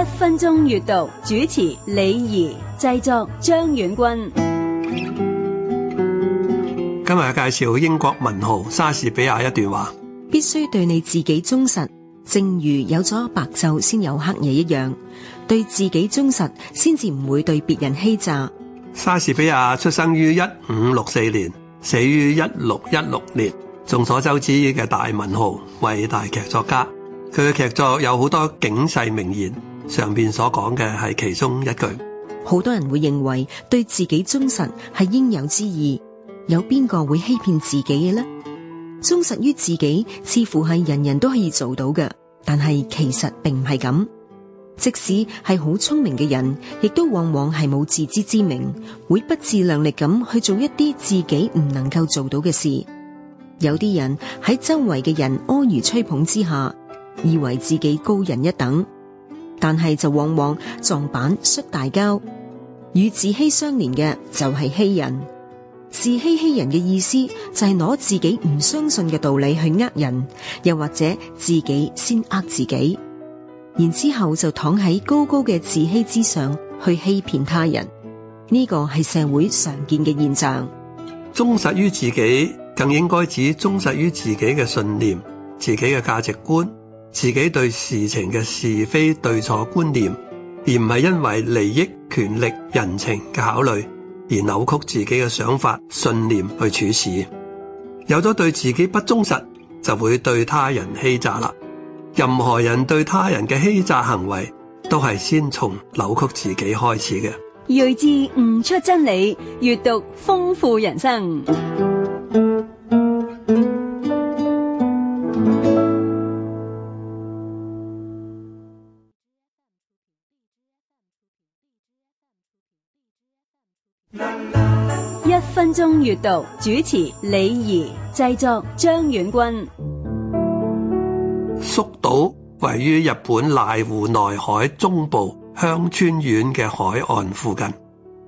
一分鐘閱讀，主持李儀製作張遠君。今日介紹英國文豪莎士比亞一段話：必須對你自己忠實，正如有咗白晝先有黑夜一樣，對自己忠實，先至唔會對別人欺詐。莎士比亞出生於一五六四年，死於一六一六年。眾所周知嘅大文豪，、偉大劇作家，佢嘅劇作有好多警世名言。上面所講嘅係其中一句，好多人會認為對自己忠實係應有之義，有邊個會欺騙自己嘅呢？忠實於自己似乎係人人都可以做到嘅，但係其實並唔係咁。即使係好聰明嘅人，亦都往往係冇自知之明，會不自量力咁去做一啲自己唔能夠做到嘅事。有啲人喺周圍嘅人阿諛吹捧之下，以為自己高人一等。但係就往往撞板摔大跤，與自欺相連嘅就係欺人。自欺欺人嘅意思就係攞自己唔相信嘅道理去呃人，又或者自己先呃自己，然之後就躺喺高高嘅自欺之上去欺騙他人。呢個係社會常見嘅現象。忠實於自己，更應該指忠實於自己嘅信念、自己嘅價值觀。自己對事情嘅是非對錯觀念，而唔係因為利益、權力、人情嘅考慮，而扭曲自己嘅想法、信念去處事。有咗對自己不忠實，就會對他人欺詐啦。任何人對他人嘅欺詐行為，都係先從扭曲自己開始嘅。睿智悟出真理，閱讀豐富人生。一分鐘閱讀主持李怡，製作張遠軍。宿島位於日本瀨戶內海中部香川縣嘅海岸附近，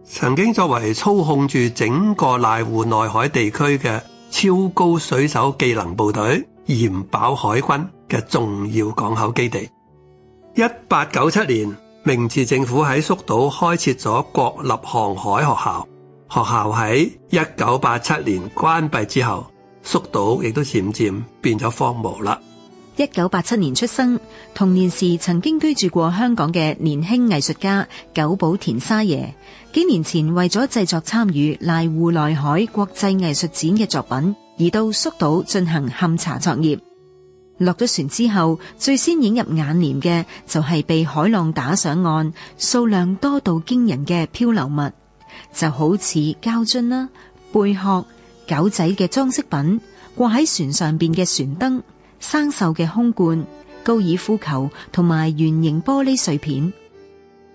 曾經作為操控住整個瀨戶內海地區嘅超高水手技能部隊鹽飽海軍嘅重要港口基地。一八九七年，明治政府喺宿島開設咗國立航海學校。學校喺一九八七年關閉之後，粟島亦都漸漸變咗荒蕪啦。一九八七年出生、童年時曾經居住過香港嘅年輕藝術家久保田沙耶，幾年前為咗製作參與瀨戶內海國際藝術展嘅作品，而到粟島進行勘查作業。落咗船之後，最先映入眼簾嘅就係被海浪打上岸、數量多到驚人嘅漂流物。就好似膠樽啦、貝殼、狗仔嘅裝飾品、掛喺船上邊嘅船燈、生鏽嘅空罐、高爾夫球同埋圓形玻璃碎片。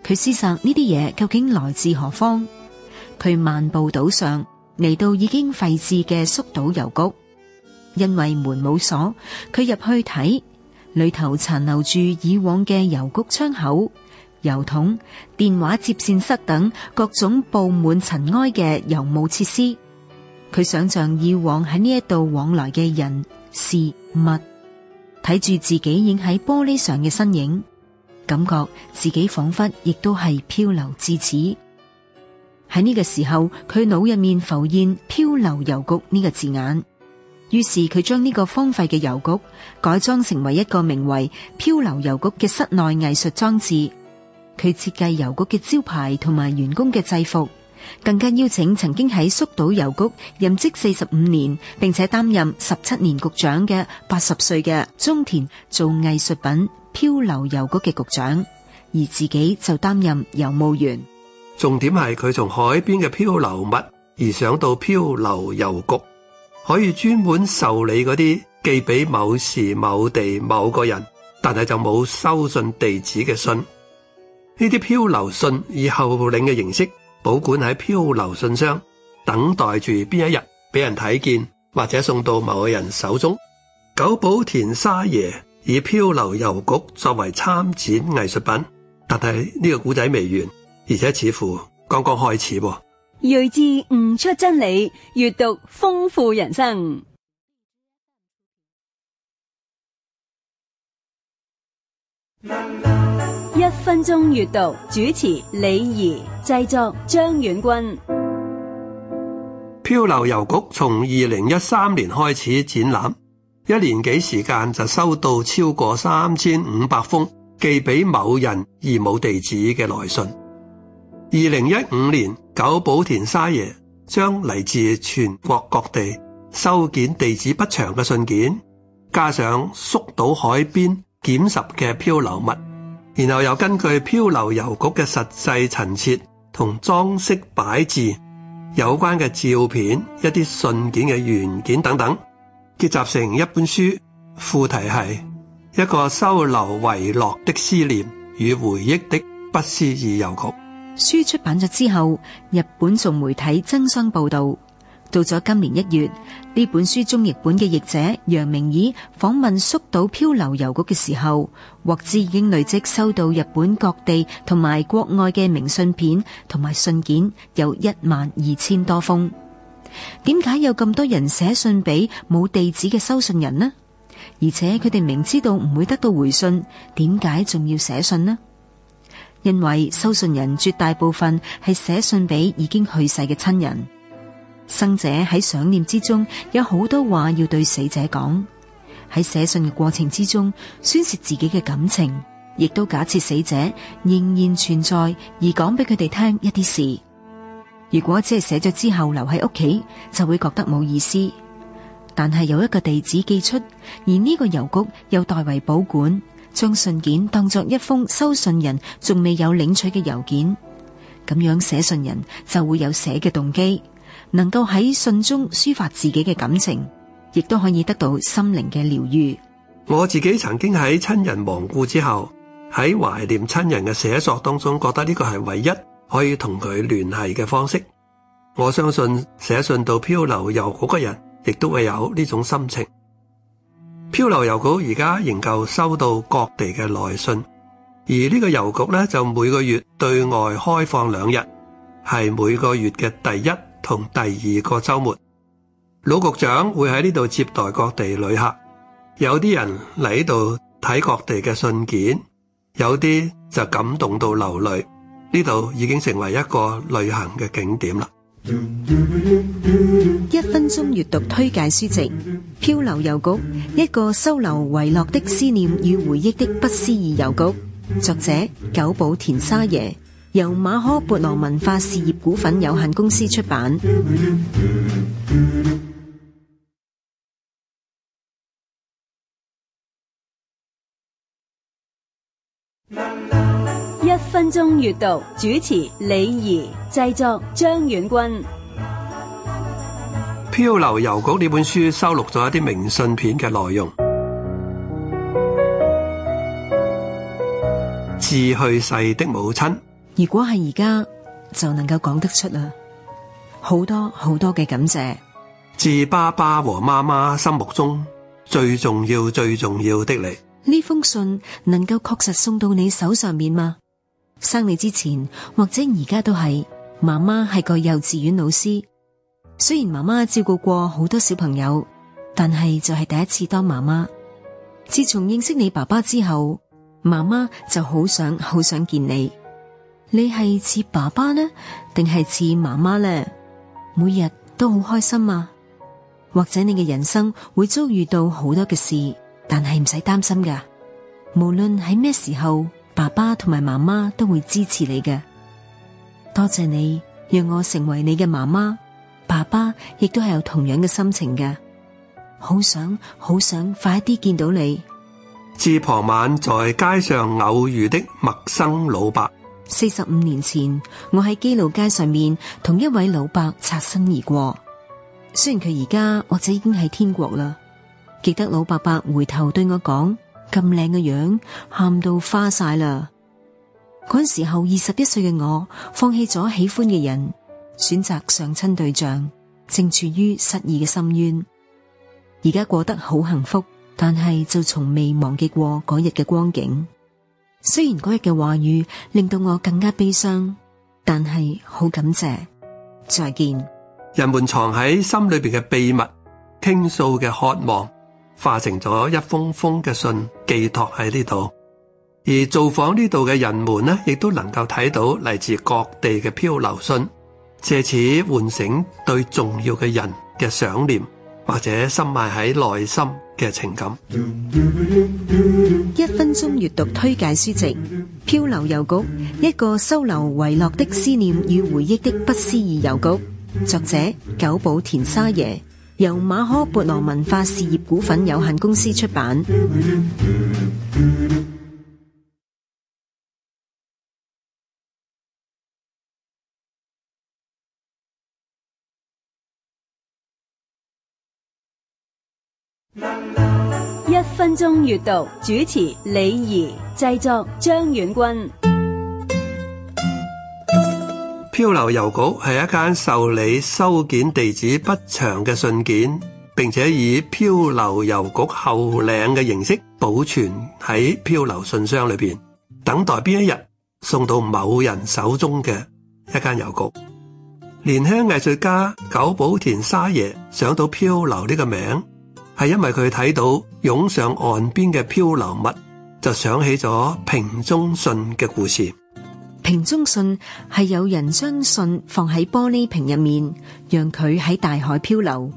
佢思索呢啲嘢究竟來自何方。佢漫步島上，嚟到已經廢置嘅縮島郵局，因為門冇鎖，佢入去睇裏頭殘留住以往嘅郵局窗口。郵筒、電話接線室等各種布滿塵埃嘅郵務設施，佢想象以往喺呢一度往來嘅人事物，睇住自己影喺玻璃上嘅身影，感覺自己仿佛亦都係漂流至此。喺呢個時候，佢腦入面浮現“漂流郵局”呢個字眼，於是佢將呢個荒廢嘅郵局改裝成為一個名為“漂流郵局”嘅室內藝術裝置。佢設計郵局嘅招牌同埋員工嘅制服，更加邀請曾經喺宿島郵局任職四十五年，並且擔任十七年局長嘅八十歲嘅中田做藝術品漂流郵局嘅局長，而自己就擔任郵務員。重點係佢從海邊嘅漂流物而上到漂流郵局，可以專門受理嗰啲寄俾某時某地某個人，但係就冇收信地址嘅信。呢啲漂流信以後領嘅形式保管喺漂流信箱，等待住邊一日俾人睇見或者送到某人手中。久保田沙耶以漂流郵局作為參展藝術品，但係呢個古仔未完，而且似乎剛剛開始。睿智悟出真理，閱讀豐富人生。一分鐘閱讀主持李怡，製作張遠君。漂流郵局從二零一三年開始展覽，一年幾時間就收到超過三千五百封寄俾某人而冇地址嘅來信。二零一五年，久保田沙耶將嚟自全國各地收件地址不詳嘅信件，加上縮島海邊撿拾嘅漂流物。然後又根據漂流郵局嘅實際陳設同裝飾擺置有關嘅照片、一啲信件嘅原件等等，結集成一本書，副題係一個收留遺落的思念與回憶的不思議郵局。書出版咗之後，日本眾媒體爭相報道。到咗今年一月，呢本書中譯本嘅譯者楊明儀訪問宿島漂流郵局嘅時候，獲知已經累積收到日本各地同埋國外嘅明信片同埋信件有一萬二千多封。點解有咁多人寫信俾冇地址嘅收信人呢？而且佢哋明知道唔會得到回信，點解仲要寫信呢？因為收信人絕大部分係寫信俾已經去世嘅親人。生者喺想念之中有好多話要對死者講，喺寫信嘅過程之中宣泄自己嘅感情，亦都假設死者仍然存在而講俾佢哋聽一啲事。如果只係寫咗之後留喺屋企，就會覺得冇意思。但係有一個地址寄出，而呢個郵局又代為保管，將信件當作一封收信人仲未有領取嘅郵件，咁樣寫信人就會有寫嘅動機。能夠喺信中抒發自己嘅感情，亦都可以得到心靈嘅療癒。我自己曾經喺親人亡故之後，喺懷念親人嘅寫作當中，覺得呢個係唯一可以同佢聯繫嘅方式。我相信寫信到漂流郵局嘅人，亦都會有呢種心情。漂流郵局而家仍舊收到各地嘅來信，而呢個郵局呢就每個月對外開放兩日，係每個月嘅第一，同第二個周末，老局長會喺呢度接待各地旅客。有啲人嚟呢度睇各地嘅信件，有啲就感動到流淚。呢度已經成為一個旅行嘅景點啦。一分鐘閱讀推介書籍《漂流郵局》，一個收留遺落的思念與回憶的不思議郵局，作者久保田沙耶。由馬可孛羅文化事業股份有限公司出版。一分鐘閱讀，主持李儀，製作張遠君。漂流郵局呢本書收錄咗一啲明信片嘅內容。自去世的母親。如果係而家就能夠講得出啦，好多好多嘅感謝。自爸爸和媽媽心目中最重要最重要的你，呢封信能夠確實送到你手上面嘛？生你之前或者而家都係，媽媽係個幼稚園老師，雖然媽媽照顧過好多小朋友，但係就係第一次當媽媽。自從認識你爸爸之後，媽媽就好想好想見你。你係似爸爸呢，定係似媽媽呢？每日都好開心啊！或者你嘅人生會遭遇到好多嘅事，但係唔使擔心噶。無論喺咩時候，爸爸同埋媽媽都會支持你嘅。多謝你，讓我成為你嘅媽媽，爸爸亦都係有同樣嘅心情嘅。好想好想快啲見到你。至傍晚在街上偶遇的陌生老伯。四十五年前，我喺基路街上面同一位老伯擦身而過。雖然佢而家或者已經喺天國啦，記得老伯伯回頭對我講：咁靚嘅樣，喊到花晒啦。嗰時候二十一歲嘅我，放棄咗喜歡嘅人，選擇相親對象，正處於失意嘅深淵。而家過得好幸福，但係就從未忘記過嗰日嘅光景。雖然嗰日嘅話語令到我更加悲傷，但係好感謝，再見。人們藏喺心裏邊嘅秘密，傾訴嘅渴望，化成咗一封封嘅信，寄託喺呢度。而造訪呢度嘅人們呢，亦都能夠睇到嚟自各地嘅漂流信，借此喚醒對重要嘅人嘅想念。或者深埋喺內心嘅情感。一分鐘閱讀推介書籍《漂流郵局》，一個收留遺落的思念與回憶的不思議郵局。作者：久保田沙耶，由馬可孛羅文化事業股份有限公司出版。一分鐘閱讀主持李怡，製作張遠君。漂流郵局係一間受理收件地址不詳嘅信件，並且以漂流郵局後領嘅形式保存喺漂流信箱裏邊，等待邊一日送到某人手中嘅一間郵局。年輕藝術家久保田沙耶想到漂流呢個名。係因為佢睇到湧上岸邊嘅漂流物，就想起咗瓶中信嘅故事。瓶中信係有人將信放喺玻璃瓶入面，讓佢喺大海漂流。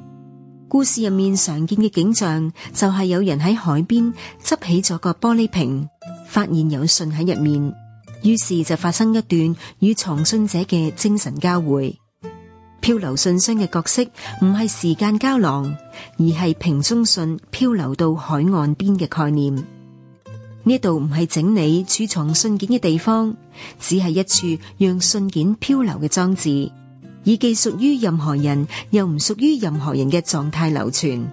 故事入面常見嘅景象就係有人喺海邊執起咗個玻璃瓶，發現有信喺入面，於是就發生一段與藏信者嘅精神交匯。漂流信箱嘅角色唔係時間膠囊，而係瓶中信漂流到海岸邊嘅概念。呢度唔係整理儲藏信件嘅地方，只係一處讓信件漂流嘅裝置，以既屬於任何人又唔屬於任何人嘅狀態流傳。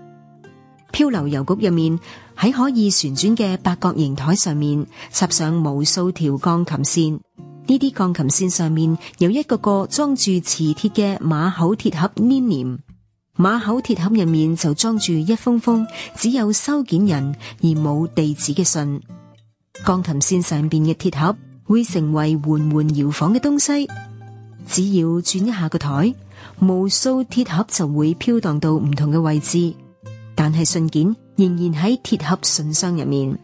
漂流郵局入面喺可以旋轉嘅八角形台上面插上無數條鋼琴線。呢啲鋼琴線上面有一個個裝住磁鐵嘅馬口鐵盒黏黏，馬口鐵盒入面就裝住一封封只有收件人而冇地址嘅信。鋼琴線上邊嘅鐵盒會成為緩緩搖晃嘅東西，只要轉一下個枱，無數鐵盒就會漂盪到唔同嘅位置，但係信件仍然喺鐵盒信箱入面。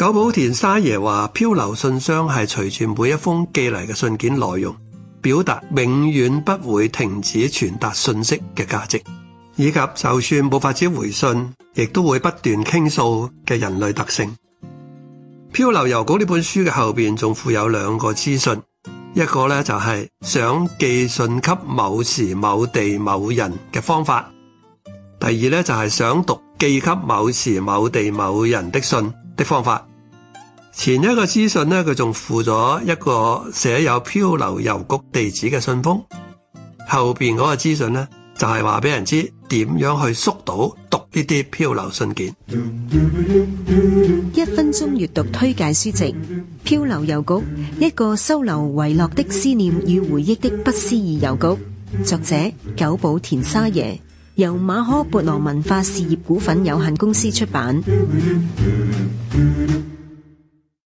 久保田沙耶話：漂流信箱係隨住每一封寄嚟嘅信件內容，表達永遠不會停止傳達信息嘅價值，以及就算冇法子回信，亦都會不斷傾訴嘅人類特性。漂流郵局呢本書嘅後邊仲附有兩個資訊，一個呢，就係想寄信給某時某地某人嘅方法；第二呢，就係想讀寄給某時某地某人的信的方法。前一個資訊呢，佢仲附咗一個寫有漂流郵局地址嘅信封，後邊嗰個資訊呢，就係話俾人知點樣去縮到讀呢啲漂流信件。一分鐘閱讀推介書籍《漂流郵局》，一個收留遺落的思念與回憶的不思議郵局，作者久保田沙耶，由馬可孛羅文化事業股份有限公司出版。